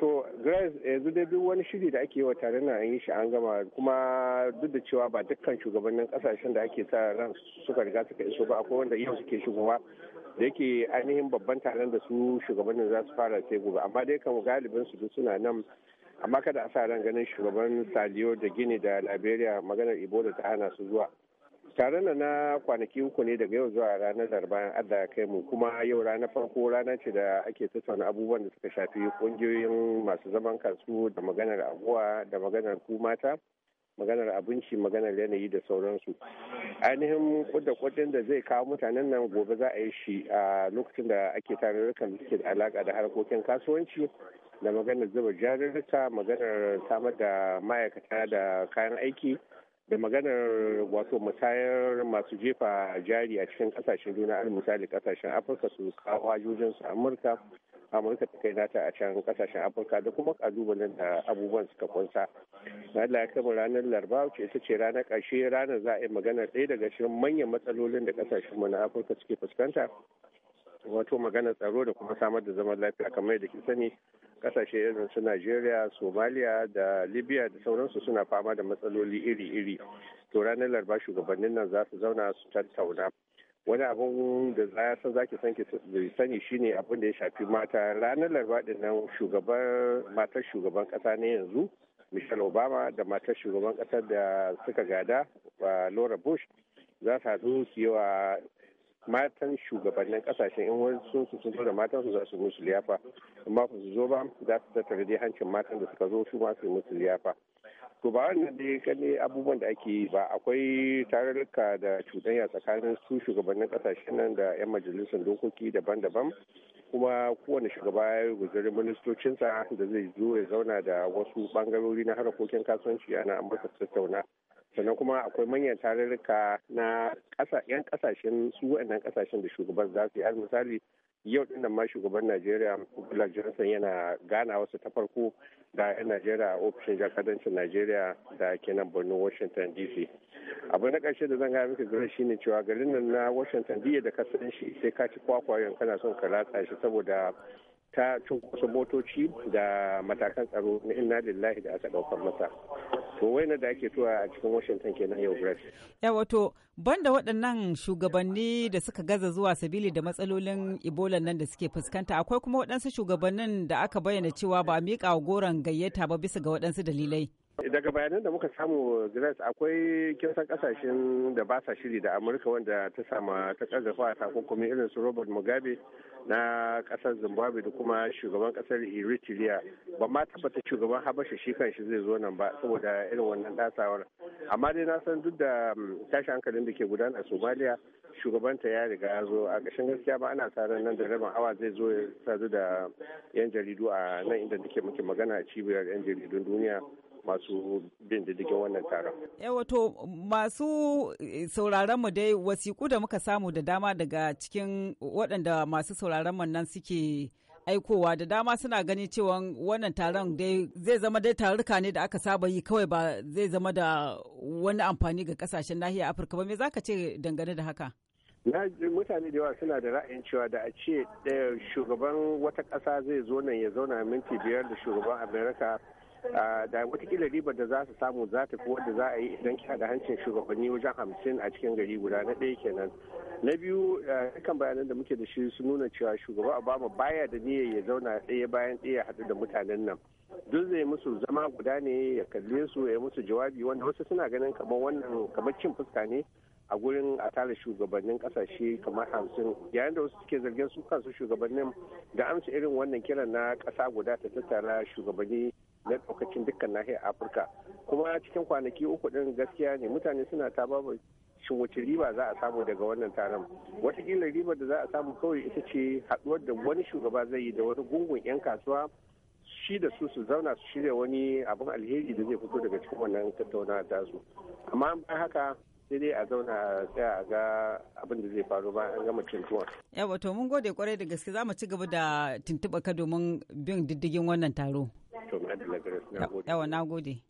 To, Grace, yanzu dai duk wani shiri da ake yi wa tare na an yi shi an gama kuma duk da cewa ba dukkan shugabannin kasashen da ake sa ran suka riga suka iso ba akwai wanda yau suke shigowa da yake ainihin babban taron da su shugabannin za su fara sai gobe amma dai kan galibin su duk suna nan amma kada a sa ran ganin shugaban Saliyo da Gini da Liberia maganar Ebola ta hana su zuwa. taron na kwanaki uku ne daga yau zuwa ranar laraba allah kai mu kuma yau rana farko rana ce da ake tattauna abubuwan da suka shafi kungiyoyin masu zaman kasu da maganar abuwa da maganar ku mata maganar abinci maganar yanayi da sauransu ainihin kudda kudin da zai kawo mutanen nan gobe za a yi shi a lokacin da ake tarurrukan da suke da alaka da harkokin kasuwanci da maganar zuba jarurruka maganar samar da ma'aikata da kayan aiki da maganar wato musayar masu jefa jari a cikin kasashen juna al misali kasashen afirka su kawo hajojin su amurka amurka ta kai nata a can kasashen afirka da kuma kalubalen da abubuwan suka kunsa na da ya kama ranar laraba ce ita ce ranar ƙarshe ranar za a yi maganar ɗaya daga cikin manyan matsalolin da kasashen mu na afirka suke fuskanta wato magana tsaro da kuma samar da zaman lafiya kamar da ke sani kasashe irin su Najeriya, Somalia da Libya da sauransu suna fama da matsaloli iri-iri. To ranar Laraba shugabannin nan za su zauna su tattauna. Wani abun da za san zaki san ki sani shine abun da ya shafi mata. Ranar Laraba din nan shugaban matar shugaban kasa ne yanzu Michelle Obama da matar shugaban kasar da suka gada Laura Bush za su haɗu su yi wa matan shugabannin kasashen in wasu su sun da matan su za su musu liyafa amma ku su zo ba za su tattara dai hancin matan da suka zo su ma su musu liyafa to ba wannan dai kane abubuwan da ake yi ba akwai tarurruka da cuɗanya tsakanin su shugabannin kasashen nan da 'yan majalisar dokoki daban-daban kuma kowane shugaba ya guzurin ministocinsa da zai zo ya zauna da wasu bangarori na harkokin kasuwanci ana ambata tattauna sannan kuma akwai manyan tarurruka na yan kasashen su waɗannan kasashen da shugaban za su yi misali yau din nan ma shugaban najeriya goodluck johnson yana gana wasu ta farko da yan najeriya a ofishin jakadancin najeriya da kenan birnin washington dc abu na karshe da zan gaya maka gare shine cewa garin nan na washington dc da ka san shi sai ka ci kwakwayon kana son ka ratsa shi saboda ta cunkusa motoci da matakan tsaro na inna lillahi da aka ɗaukar masa to waina da ake tuwa a cikin washington kenan yau ya wato banda waɗannan shugabanni da suka gaza zuwa sabili da matsalolin ebola nan da suke fuskanta akwai kuma waɗansu shugabannin da aka bayyana cewa ba a miƙa goron gayyata ba bisa ga waɗansu dalilai daga bayanan da muka samu grace akwai kinsan kasashen da ba sa shiri da amurka wanda ta sama ta karfafa takunkumi irin su robert mugabe na kasar zimbabwe da kuma shugaban kasar eritrea ba ma tabbata shugaban habasha shi kan shi zai zo nan ba saboda irin wannan dasawar amma dai na san duk da um, tashin hankalin da ke gudana a somalia shugabanta ya riga ya zo a ƙashin gaskiya ba ana sa ran nan da rabin awa zai zo ya sadu da yan jaridu a nan inda take muke magana a cibiyar yan jaridun duniya masu bin diddigin wannan taron. Eh, wato masu eh, sauraron mu dai wasiku da muka samu da dama daga cikin waɗanda masu sauraron mu nan suke aikowa da dama suna gani cewa wannan taron dai zai zama dai taruka ne da aka saba yi kawai ba zai zama da wani amfani ga kasashen nahiyar afirka ba me zaka ce dangane da haka na mutane da yawa suna da ra'ayin cewa da a ce eh, shugaban wata ƙasa zai zo nan ya zauna minti biyar da shugaban amerika da watakila ribar da za su samu za ta fi wadda za a yi idan kina da hancin shugabanni wajen hamsin a cikin gari guda na ɗaya kenan na biyu dukkan bayanan da muke da shi sun nuna cewa shugaba obama baya da niyyar ya zauna ɗaya bayan ɗaya hadu da mutanen nan duk zai musu zama guda ne ya kalle su ya musu jawabi wanda wasu suna ganin kamar wannan kamar cin fuska ne a gurin a tara shugabannin kasashe kamar hamsin yayin da wasu suke zargin su kansu shugabannin da amsa irin wannan kiran na kasa guda ta tattara shugabanni na lokacin dukkan nahiyar afirka kuma cikin kwanaki uku din gaskiya ne mutane suna ta babu shin wace riba za a samu daga wannan taron watakila ribar da za a samu kawai ita ce haduwar da wani shugaba zai yi da wani gungun 'yan kasuwa shi da su su zauna su shirya wani abin alheri da zai fito daga cikin wannan tattaunawa ta su amma bayan haka sai dai a zauna a tsaya a ga abin da zai faru ba an gama cintuwa. yawa to mun gode kwarai da gaske za mu ci gaba da tuntuɓa ka domin bin diddigin wannan taro. To, na gode.